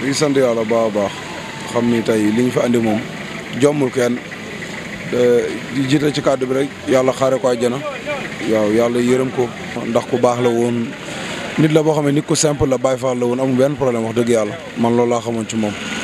di sant yàlla baax a baax xam ni tey li ñu fi àndi moom jommul kenn di jiite ci kàddu bi rek yàlla xaare ko àjjana waaw yàlla yërëm ko ndax ku baax la woon nit la boo xam ne nit ku simple la Baay Faal la woon amul benn problème wax dëgg yàlla man loolu laa xamoon ci moom